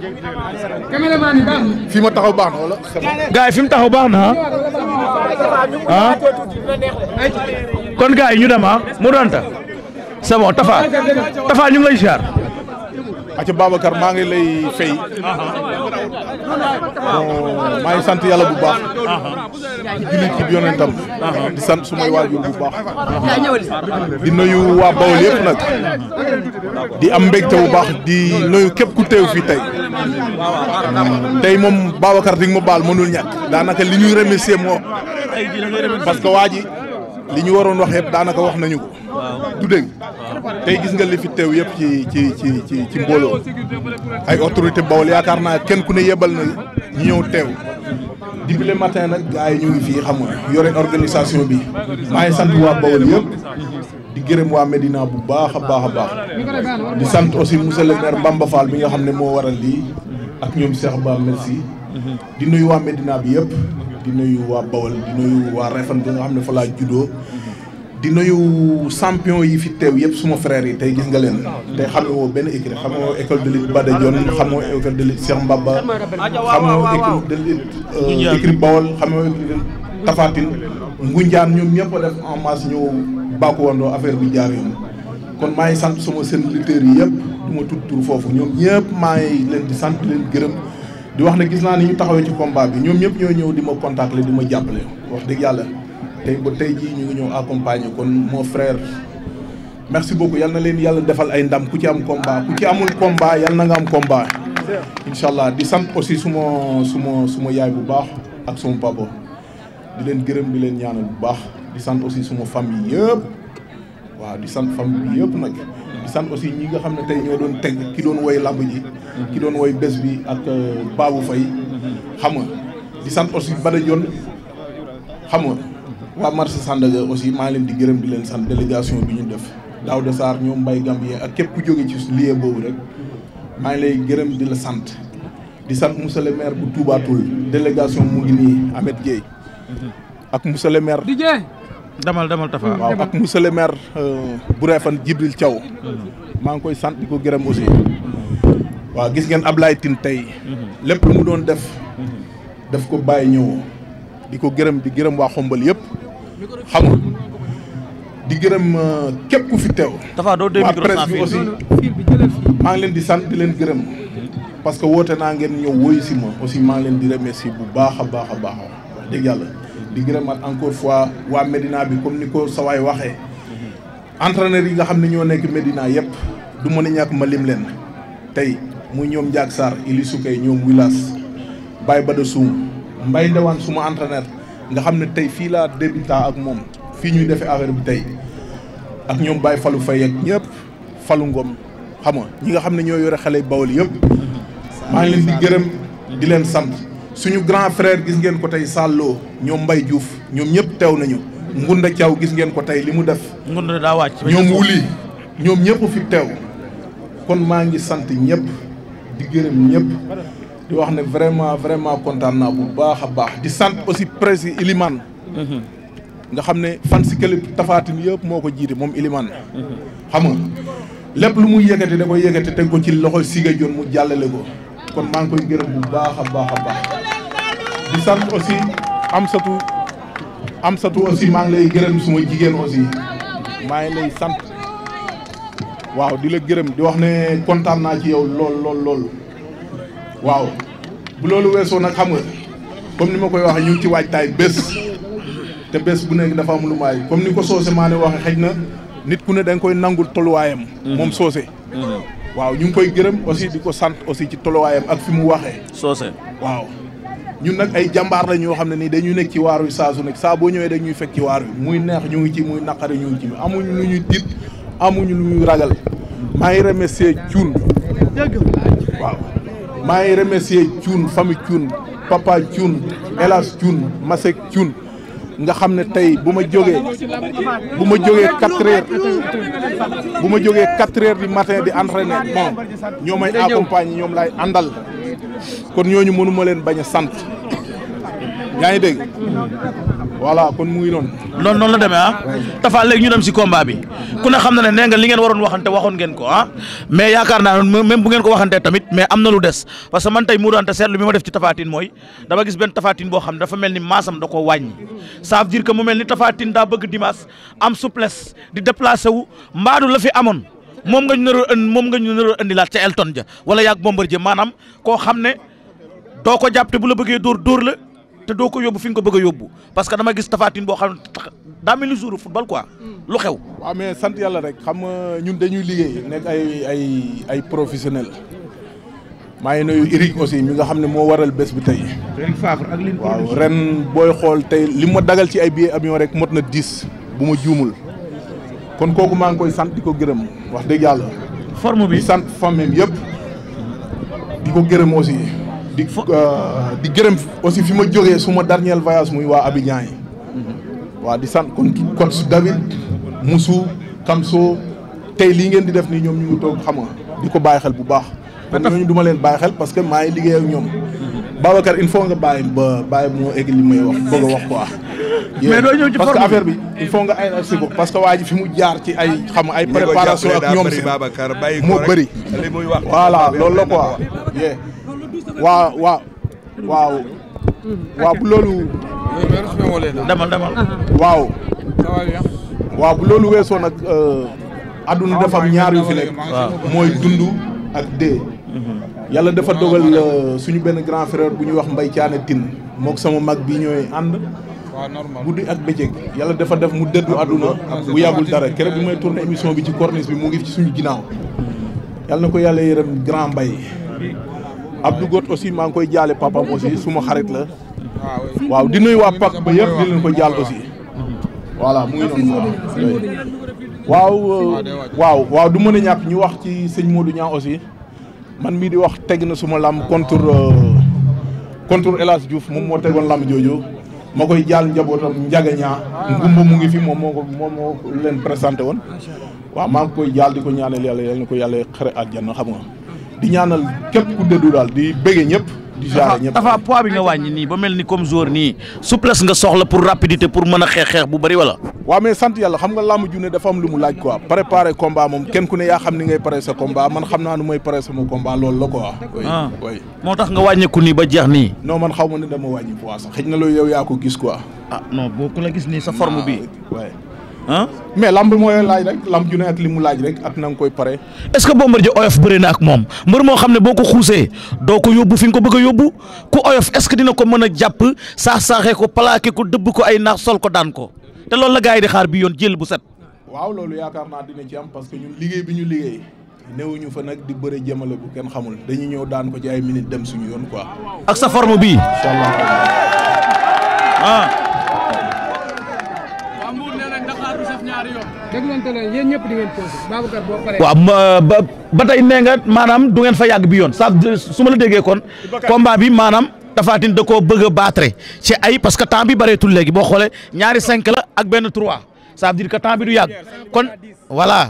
fi ma taxaw baax na wala. gars fi mu taxaw baax na ah. ah? kon gars ñu dem ah mu donta c'est bon Tafa Tafa ñu ngi lay ziar. acca Babacar maa ngi lay fay. Ah, ah. bon maa ngi sant bu baax. jullit ci yonentam di sant su may waajur bu baax di nuyu waa Bawol yëpp nag di am mbégte bu baax di nuyu képp ku teew fi tey tey moom Babacar di nga ma baal mënul ñàkk daanaka li ñuy remercier moo parce que waa ji li ñu waroon wax yëpp daanaka wax nañu ko du dégg tey gis nga li fi teew yëpp ci ci ci ci ci mbooloo ay autorité Bawol yaakaar naa kenn ku ne yebal na ñu ñëw teew depuis le matin nag gars yi ñu ngi fii xam yore organisation bi maa ngi sant waa Bawol yëpp di gërëm waa Medina bu baax a baax a baax di sant aussi monsieur le maire Mbamba Fall bi nga xam ne moo waral lii ak ñoom seex Ba merci di nuyu waa Medina bi yëpp di nuyu waa Bawol di nuyu waa Refane bi nga xam ne fa laa juddoo di nuyu champion yi fi teew yëpp suma frère yi tey gis nga leen tey xamoo benn écrit xamoo école de lutte Bada Dione xamoo école de lutte Cheikh Mbaba xamoo école de lutte euh, écrit Bawol xamoo écrit Tafatine Ngunjaan ñoom ñëpp a def en masse ñëw bàkku wandoo affaire bi jaar yoon kon maa ngi sant suma seen lutteurs yi yëpp du ma tur foofu ñoom ñëpp maa ngi leen di sant leen gërëm di wax na gis naa ni ñu taxawee ci combat bi ñoom ñëpp ñoo ñëw di ma contacter di ma jàppale wax dëgg yàlla tey ba tey jii ñu ngi ñëw accompagner kon mon frère merci beaucoup yal na leen yàlla defal ay ndam ku ci am combat ku ci amul combat yal na nga am combat incha allah di sant aussi suma suma suma yaay bu baax ak suma papa di leen gërëm di leen ñaanal bu baax di sant aussi suma yi yëpp waaw di sant famille bi nag di sant aussi ñi nga xam ne tey ñoo doon teg ki doon woy làmb ji ki doon woy bés bi ak euh, Babou Faye xam nga di sant aussi Bada Dione xam nga waa marché Sandaga aussi maa leen di gërëm di leen sant délégation bi ñu def daaw de ñoo ñoom Mbaye Gambien ak képp ku jóge ci lieu boobu rek maa ngi lay gërëm di la sant di sant monsieur le bu Touba Toul délégation mu ngi nii Ahmed Gueye ak monsieur le demal damal damal Tafa waaw ak monsieur le maire euh, bu Réfane maa ngi koy sant di ko gërëm aussi waaw gis ngeen Ablaye Tine tey mhm. lépp lu mu doon def mhm. daf ko bàyyi ñëw di ko gërëm di gërëm waa xombal yëpp xam nga di gërëm euh, képp ku fi teew. dafa doo déglu waa presse bi aussi maa ngi leen di sant di leen gërëm. parce que woote naa ngeen ñëw woyu si ma aussi maa ngi leen di remercier bu baax a baax baax wax dëgg yàlla. di gërëmaat encore fois waa Medina bi comme ni ko sawaay waxee. entraîneur yi nga xam ne ñoo nekk Medina yëpp du mën a ñàkk ma lim leen tey muy ñoom Ndiak Sarr Ili Soukay ñoom Wilas Baye Bada Soum Mbaye Ndewane suma entraîneur nga xam ne tey fii laa débutant ak moom fii ñuy defee affaire bi tey ak ñoom Baye falu Faye ak ñëpp falu Ngom xam nga ñi nga xam ne ñoo yore xale Bawol yëpp maa ngi leen di gërëm di leen sant suñu grand frère gis ngeen ko tey Salloo ñoom mbay Diouf ñoom ñëpp teew nañu Ngunda Thiaw gis ngeen ko tey li mu def Ngunda daa wàcc ñoom wuli ñoom ñëpp fi teew kon maa ngi sant ñëpp di gërëm ñëpp di wax ne vraiment vraiment kontaan naa bu baax a baax di sant aussi presse yi nga xam ne fan si këlib tafaatin yëpp moo ko jiite moom Ilimane xam nga lépp lu muy yëkkati da koy yëkkati teg ko ci loxo Siga Dione mu jàllale ko kon maa ngi koy gërëm bu baax a baax a baax di sant aussi am Amsatou aussi maa ngi lay gërëm suma jigéen aussi maa ngi lay sant waaw di la gërëm di wax ne kontaan naa ci yow lool lool lool waaw bu loolu weesoo nag xam nga comme ni ma koy waxee ñu ci waajtaay bés te bés bu nekk dafa am lu maay comme ni ko soose maa ne waxee xëj na nit ku ne da koy nangul tolluwaayam. Mm-hmm. moom soose. Mm-hmm. waaw ñu ngi koy gërëm aussi di ko sant aussi ci tolluwaayam ak fi mu waxee. soose waaw. ñun nag ay jàmbaar la ñoo xam ne nii dañuy nekk ci waar wi saa su nekk saa boo ñëwee dañuy fekk ci waar wi muy neex ñu ngi ci muy naqari ñu ngi ci amuñu nu ñuy tiit amuñu lu ñuy ragal maa ngi maa ngi remercier Thioune famille Thioune papa Thioune Elas Thioune Masek Thioune nga xam ne tey bu ma jógee bu ma jógee quatre bu ma jógee quatre heures du matin di entraîné bon ñoo may accompagner ñoom laay àndal kon ñooñu mënuma leen bañ a sant yaa ngi dégg voilà kon mu noon noonu. noonu noonu la demee ah. Tapha léegi ñu dem si combat bi ku ne xam na ne nee nga li ngeen waroon waxante waxoon ngeen ko ah mais yaakaar naa même bu ngeen ko waxantee tamit mais am na lu des parce que man tey mu doonte seetlu bi ma def ci Tapha Tine mooy dama gis benn Tapha Tine boo xam ne dafa mel ni maasam da koo wàññi ça veut dire que mu mel ni Tapha daa bëgg dimanche am souplesse di déplacé wu mbaadu la fi amoon. moom nga ñu nar a moom nga ñu nar indilaat ca Elton ja wala yaag Bombardier maanaam koo xam ne doo ko jàpp bu la bëggee dóor dóor la te doo ko yóbbu fi nga ko bëgg a yóbbu parce que dama gis tafaatin boo xam daa mel ni jour football quoi. lu xew. waaw mais sant yàlla rek xam nga ñun dañuy liggéey nekk ay ay ay professionnel maa ngi nuyu Eric aussi mi nga xam ne moo waral bés bi tey. Eric ak Lille waaw ren booy xool tey li ma dagal ci ay billets avion rek mot na dix bu ma juumul kon kooku maa ngi koy sant di ko gërëm wax dëgg yàlla. forme bi sant famille yëpp di ko gërëm aussi. di euh, di gërëm aussi fi ma jógee suma dernier voyage muy waa Abidjan yi. Mhm. waa di sant kon kon David Moussou Kamso tey lii ngeen di def nii ñoom ñu ngi toog xam nga di ko bàyyi xel bu baax. kon ñooñu du ma leen baay xel parce que maa ngi liggéey ak ñoom. Mhm. Babacar il faut nga bàyyi ba bàyyi moo egg li may wax bëgg a wax quoi. mais doo ñëw ci parce bi il faut nga parce que waa fi mu jaar ci ay xam ay préparation ak ñoom si moo bëri voilà loolu la quoi. waa waa waaw waaw bu loolu demal waaw waaw loolu weesoo nag adduna euh, dafa am ñaar yu fi nekk mooy dund ak dee yàlla dafa dogal euh, suñu benn grand frère bu ñuy wax Mbaye Thiané Tine mook sama mag bi ñooy ànd guddi ak bëccëg yàlla dafa def mu dëddu àdduna bu yàggul dara keroog bi may tourné émission bi ci corniche bi mu ngi ci suñu ginnaaw yàlla na ko yàlla yërëm grand mbay ab Abdou Got aussi maa ngi koy jaale papam aussi suma xarit la ah waaw di nuyu waa pak ba yëpp di leen ko jaal aussi voilà mu waaw waaw waaw du mën a ñu wax ci sëñ Modou Niang aussi man mii di wax teg na suma làmb contre euh, contre El Hadj moom moo tegoon làmb jooju ma koy jaal njabootam Ndiaga Niang ngumba mu ngi fi moom moo ko moom moo leen présenté woon waaw maa ngi koy jaal di ko ñaanal yàlla yal na ko yàlla xare àjjana xam nga di ñaanal képp ku dëddu daal di bëggee ñëpp. di jaare ñëpp dafa poids bi nga wàññi nii ba mel ni comme jour nii souplesse nga soxla pour rapidité pour mën a xeex xeex bu bëri wala. waaw mais sant yàlla xam nga làmb ju ne dafa am lu mu laaj quoi préparer combat moom kenn ku ne yaa xam ni ngay pare sa combat man xam naa nu may pare sama combat loolu la quoi. Ah. oui moo tax nga wàññeeku nii ba jeex nii. noo man xaw ma ne dama wàññi poids sax xëy na loolu yow yaa ko gis quoi. ah non boo gis nii sa forme bi. Ah, ah. mais lamb mooy laaj rek lamb ju ne ak li mu laaj rek ak na koy pare. est-ce que Bombardier oyof bëri na ak moom mbër moo xam ne boo ko xuusee doo ko yóbbu fi nga ko bëgg a yóbbu ku oyof est que dina ko mën a jàpp saax saaxee ko plaqué ko dëbb ko ay naax sol ko daan ko te loolu la gars yi di xaar bi yoon jël bu set. waaw loolu yaakaar naa dina ci am parce que ñun liggéey bi ñu liggéey. newuñu fa nag di bëre jëmale bu kenn xamul dañu ñëw daan ko ci ay minutes dem suñu yoon quoi. ak sa forme bii. ah. déglante leen yéen ñëpp ba ba tey nee nga maanaam du ngeen fa yàgg bi yoon saa su ma la déggee kon. combat bi maanaam. Tapha Tine da koo bëgg a battre ay parce que temps bi bareetul léegi boo xoolee ñaari cinq la ak benn trois ça veut dire que temps bi du yàgg kon voilà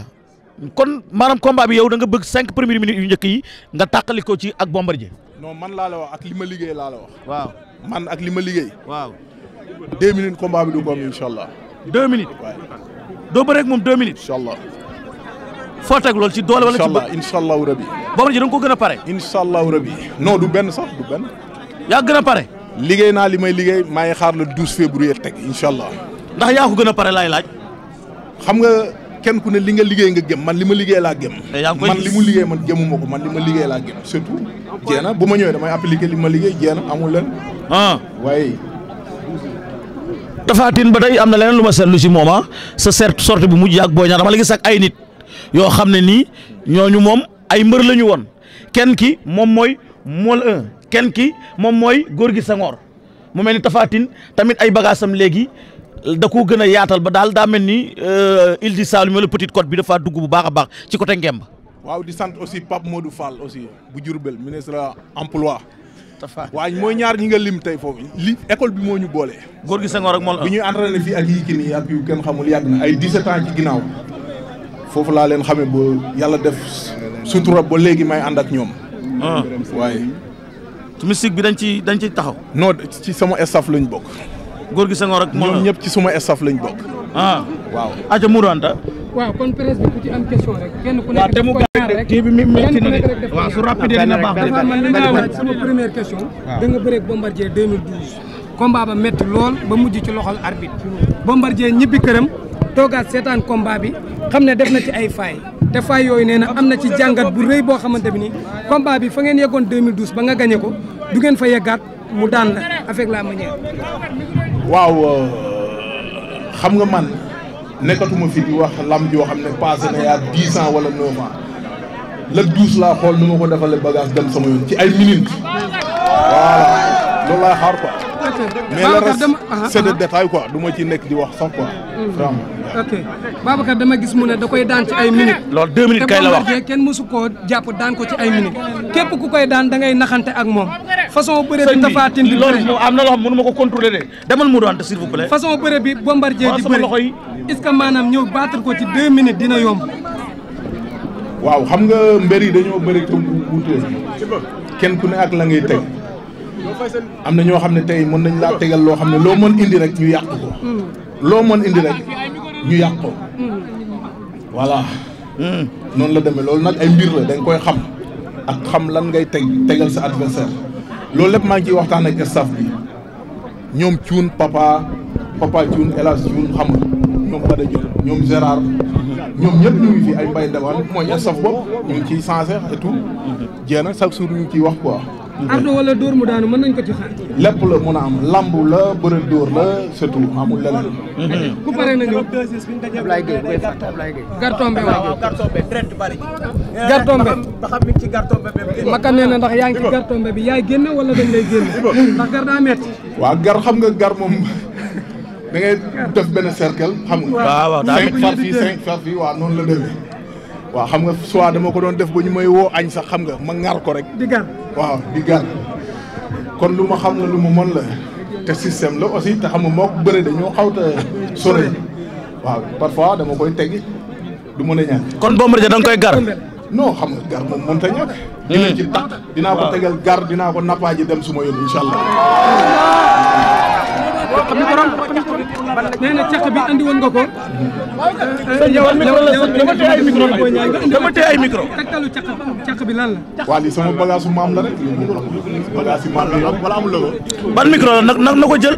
kon maanaam combat bi yow da nga bëgg cinq premières minutes yu njëkk yi nga tàqali ko ci ak Bombardier. non man laa la wax ak li ma liggéey laa wax. waaw man ak li ma liggéey. waaw deux minutes combat bi du ko am doo bëreeg moom deux minutes. incha allah foo teg loolu ci doole wala ci. incha allah incha allahu rabi. Bombardier da nga ko gën a pare. incha allahu rabi noo du benn sax du benn. yaa gën a pare. liggéey naa li may liggéey maa ngi xaar le 12 février teg incha allah. ndax yaa ko gën a pare laay laaj. xam nga kenn ku ne li nga liggéey nga gëm man li ma liggéey laa gëm. Eh, man li mu liggéey man gëmu ma man li ma liggéey laa gëm surtout. jeena bu ma ñëwee damay appliquer li ma liggéey jeena amul leen. Ah. waaye. tafaatin ba tey am na leneen lu ma seetlu ci moom ah, sa seet sorte bu mujj ak booy ñaar dama la gis ay nit yoo xam ne nii ñooñu moom ay mbër lañu woon kenn ki moom mooy mool un kenn ki moom mooy góor gi sangoor mu mel ni tafaatin tamit ay bagaasam léegi da ko gën a yaatal ba daal daa mel ni il euh, di Saloum wala Petite Côte bi dafa dugg bu baax baax ci côté Ngemb. waaw di sant aussi Pape Modou Fall aussi bu Diourbel ministre emploi Moustapha mooy ñaar ñi nga lim tey foofu li école bi moo ñu boole. góor gi Senghor ak Mawla bi ñuy entraîné fii ak yi kii ak yu kenn xamul yàgg na ay 17 ans ci ginnaaw foofu laa leen xamee ba yàlla def sutura ba léegi may ànd ak ñoom. Ah. waaye. mystique bi dañ ci dañ ciy taxaw. noo ci sama staff lañ bokk. góor gi Senghor ak Mawla ñoom ñëpp ci sama staff lañ bokk. ah waaw. waaw kon presse bi ku ci am question rek kenn ku nekk def ko rek kenn ku nekk rek def ko ñaar su rapide dina baax dafa man li nga wax sama première ba métti lool ba mujj ci loxol arbitre Bombardier ñibbi këram toogaat seetaan combat bi xam ne def na ci ay faay te faay yooyu nee na am na ci jàngat bu rëy boo xamante bi ni combat bi fa ngeen yeggoon 2012 ba nga gañe ko du ngeen fa yeggaat mu daan la avec la manière waaw euh, xam nga man nekkatuma fi di wax lamb yoo xam ne passé na yaa dix ans wala neuf ans le douze laa xool nu ma ko defalee bagage dem sama yoon ci ay minutes voilà loolu laay xaar ko mais le reste ah, c'est de ah. détail quoi ci nekk di wax sax quoi. Mm. vraiment. ok dama gis mu ne da koy daan ci ay minutes. loolu deux minutes kay la wax te kenn mësu koo jàpp daan ko ci ay minutes. képp ku koy daan da ngay naxante ak moom. façon bëre bi tafaatin bi loolu am na loo xam mënu ma ko contrôler de demal mu doon s'il vous plaît. façon bëre bi bombardier di bëri est-ce que maanaam ñëw battre ko ci deux minutes dina yomb. waaw xam nga mbër yi dañoo bëri te wuute kenn ku ne ak la ngay teg. am na ñoo xam ne tey mën nañ laa tegal loo xam ne loo mën indi rek ñu yàq ko loo mën indi rek ñu yàq ko voilà noonu la demee loolu nag ay mbir la dañ koy xam ak xam lan ngay teg tegal sa adversaire loolu lépp maa ngi ciy waxtaan ak staff bi ñoom cuun papa papa cuun hélas cuun xam nga ñoom Bada Diop ñoom Gérard ñoom ñëpp ñu ngi fi ay mbay dawaan mooy staff bopp ñu ngi ciy changé et tout jéem a chaque jour ñu ngi ciy wax quoi ardo wala dóor mu daanu man nañ ko ci xaar. lépp la mun a am lamb la bëri dóor la surtout amul leneen. ku pare na ñëw. Ablaye Gueye koy fàtte Ablaye Gueye. Gartombe waaw ci Gartombe bi. Maka nee na ndax yaa ngi ci Gartombe bi yaay génn wala dañ lay génn. ndax gar daa metti. waaw gar xam nga gar moom. da ngay def benn cercle xam nga. waaw waaw cinq far cinq far fii noonu la demee. waa xam nga soit dama ko doon def ba ñu may woo añ sax xam nga ma ŋar ko rek. di gar. waaw di gàll kon lu ma xam ne lu ma mën la te système la aussi te xam nga moo ko bëri dañoo xawta sore waaw parfois dama koy teggi du mën a ñàkk kon Bombardier da danga koy gar noo xam nga gar moom mënta ñàkk dina hmm. ci takk dinaa ko tegal gar dinaa ko nappaaji dem su ma yoon incha allah caq bi borom nee na caq bi andi woon nga ko. yow dama tee ay micro. tegtalu la. waa lii sama bagage la rek. bagage su maam la ban micro la na ko jël.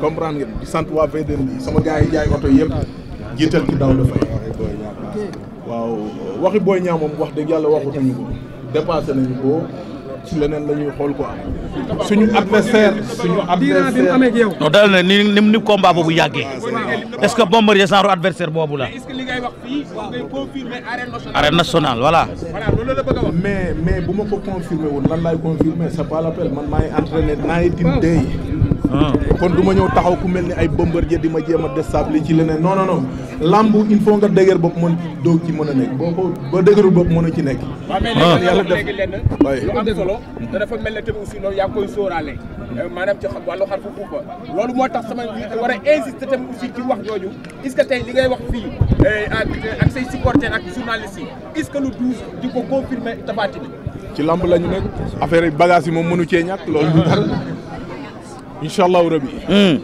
comprendre ngeen sant waa VDN bi sama gars jaay oto yëpp jiital ci daw dafay waaw waxi booy ñaa moom wax dëgg yàlla waxutuñu ko dépassé nañu ko ci leneen la ñuy xool ko am suñu adversaire suñu adversaire non dal na ni ni ni combat boobu yàggee ah, est-ce que Bombardier genre adversaire boobu la arène nationale voilà mais mais bu ma ko confirmer woon lan laay confirmer c'est pas l'appel man maay entraîné night and day Ah. kon du ma ñëw taxaw ku mel ni ay Bombardier di ma jéem a déstabiliser ci leneen non non non lamb il faut nga dëgër bopp mën doog ci mën a nekk boo ko ba dëgërul a ci nekk. Ah. waaw mais yàlla ah. def lu am solo te yaa koy sóoraale euh, maanaam ci tax sama war a insister tamit aussi ci wax jooju est-ce que tey li ngay wax fii euh, ak ak say supporters ak journalistes yi est lu douze di ko confirmer tabaati bi. ci lamb la ñu nekk affaire yi yi moom mënu cee ñàkk loolu du dara. incha allahu rabi. Hmm.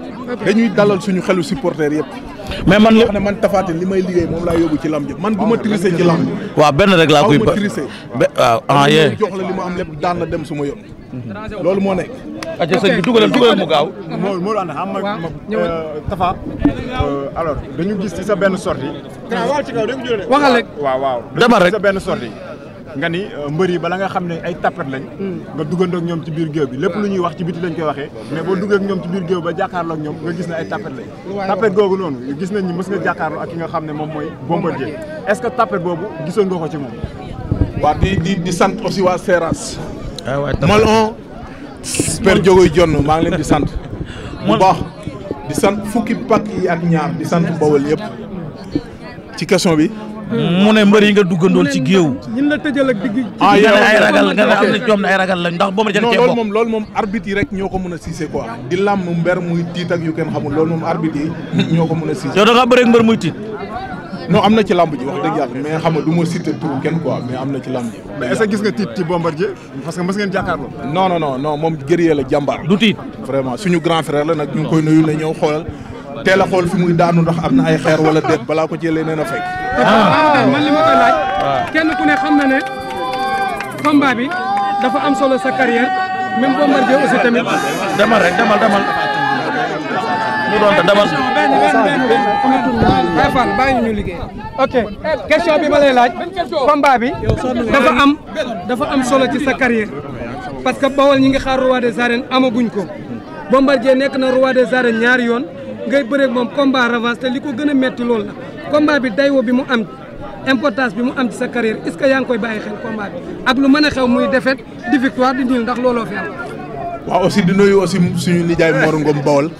dañuy dalal suñu xelu supporter yëpp. mais man li ne man Tapha li may liggéey moom laa yóbbu ci lam ji man du ma tricé ci lamb. waaw benn rek laa koy ba waaw ah yee. jox la li ma am lépp daan la dem su ma yoon. loolu moo nekk. ok ah, sëñ bi dugalal dugalal mu gaaw. moo moo ànd xam ma euh, Tapha. Euh, alors dañu gis ci sa benn sortie. waxal rek waaw waaw dañu gis sa benn sortie. nga ni euh, mbër yi bala nga xam ne ay tapet lañ hmm. nga duggandoog ñoom ci biir géew bi lépp lu ñuy wax ci biti lañ koy waxee mais boo duggee ak ñoom ci biir géew ba jàkkaarloog ñoom nga gis ne ay tapet lañ tapet googu noonu gis nañ ni mës nga jàkkaarloo ak ki nga xam ne moom mooy Bombardier est-ce que tapet boobu gisoon nga ko ci moom waaw di di di sant aussi waa Seras ah Malon Père Diogoy Jonn maa ngi leen di sant bu baax di sant fukki pàkk yi ak ñaar di sant Bawol yëpp ci question bi mu ne mbër yi nga duggandool ci géew. ñun la tëjal ak digg. ah yow ay ragal nga ne am na ñoom ay ragal lañ ndax boobu la ca cee bokk. non loolu moom loolu moom ko mën a siise quoi. di làmm mbër muy tiit ak yu kenn xamul loolu moom arbitre yi ñoo ko mën a siise. yow da ngaa bëreeg mbër muy am na ci lamb ji wax dëgg yàlla mais xam nga du ma cité tur kenn quoi mais am na ci lamb ji. mais est gis nga tiit ci bombardier parce que mës ngeen jàkkaarloo. non non non moom guerrier la jàmbaar. du tiit suñu grand frère la nag ñu koy nuyu ñëw xoolal teel a xool fi muy daanu ndax am na ay xeer wala déet balaa ko ci leneen a fekk. Ah, man li ma koy ah. xam na ne combat bi dafa am solo sa carrière même Bombardier aussi tamit. demal rek demal demal. mu doon te demal. Baye Fall bàyyi ñu liggéey. ok question bi ma lay laaj. combat bi dafa am dafa am solo ci sa carrière parce que bawal ñi ngi xaar roi des arènes amaguñ ko. Bombardier nekk na roi des arènes ñaari yoon. ngay bëreeg moom combat revanche te li ko gën a metti loolu la combat bi dayoo bi mu am importance bi mu am ci sa carrière est ce que yaa ngi koy bàyyi xel combat bi ak lu mën a xew muy défaite di victoire di niil ndax looloo fi am. waaw aussi di nuyu aussi suñu nijaay Mor Ngom Bawol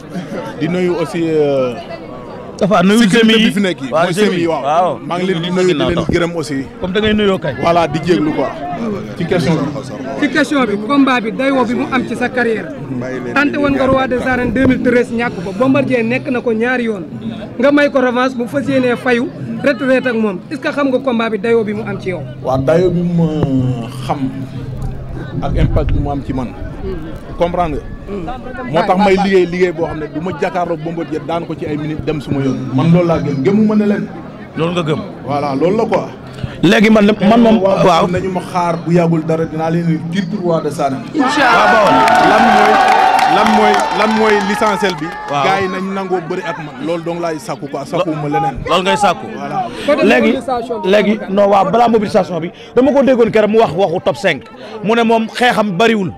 di nuyu aussi. Euh, dafa nuyu semi yi fi nekk yi mooy semi yi waaw maa ngi leen di nuyu leen gërëm aussi comme da ngay nuyoo kay voilà di jéeglu quoi ci question bi ci question bi combat bi dayoo bi mu am ci sa carrière tante woon nga roi des arènes 2013 ñàkk ko Bombardier nekk na ko ñaari yoon nga may ko revanche bu fas yéenee fayu retraite ak moom est ce xam nga combat bi dayoo bi mu am ci yow waaw dayoo bi mu xam ak impact bi mu am ci man comprendre moo tax may liggéey liggéey boo xam ne du ma jàkkaarloog Bombardier daan ko ci ay minutes dem suma yoon. man loolu laa gëm gëmu ma ne leen. loolu nga gëm. voilà loolu la ko léegi man man moom waaw nañu ma xaar bu yàggul dara dinaa leen di titre roi de Sané. Ah mooy lan mooy l'essentiel bi. waaw gars nañ nangoo bëri ak man loolu dong laay sàkku quoi sàkku ma leneen. loolu ngay sàkku. voilà léegi léegi noo waaw balaa mobilisation bi dama ko déggoon keroog mu wax waxu top 5 mu ne moom xeexam bariwul.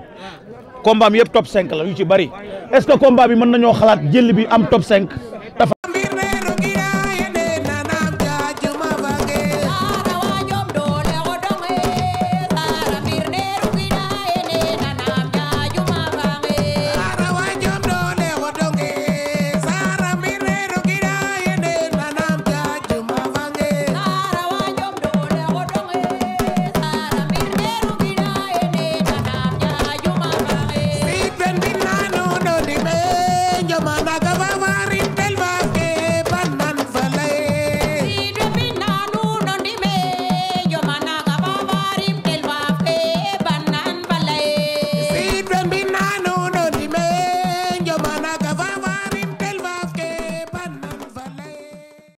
combat am yëpp top 5 la yu ci bari est-ce que combat bi mën nañoo xalaat jël bi am top 5.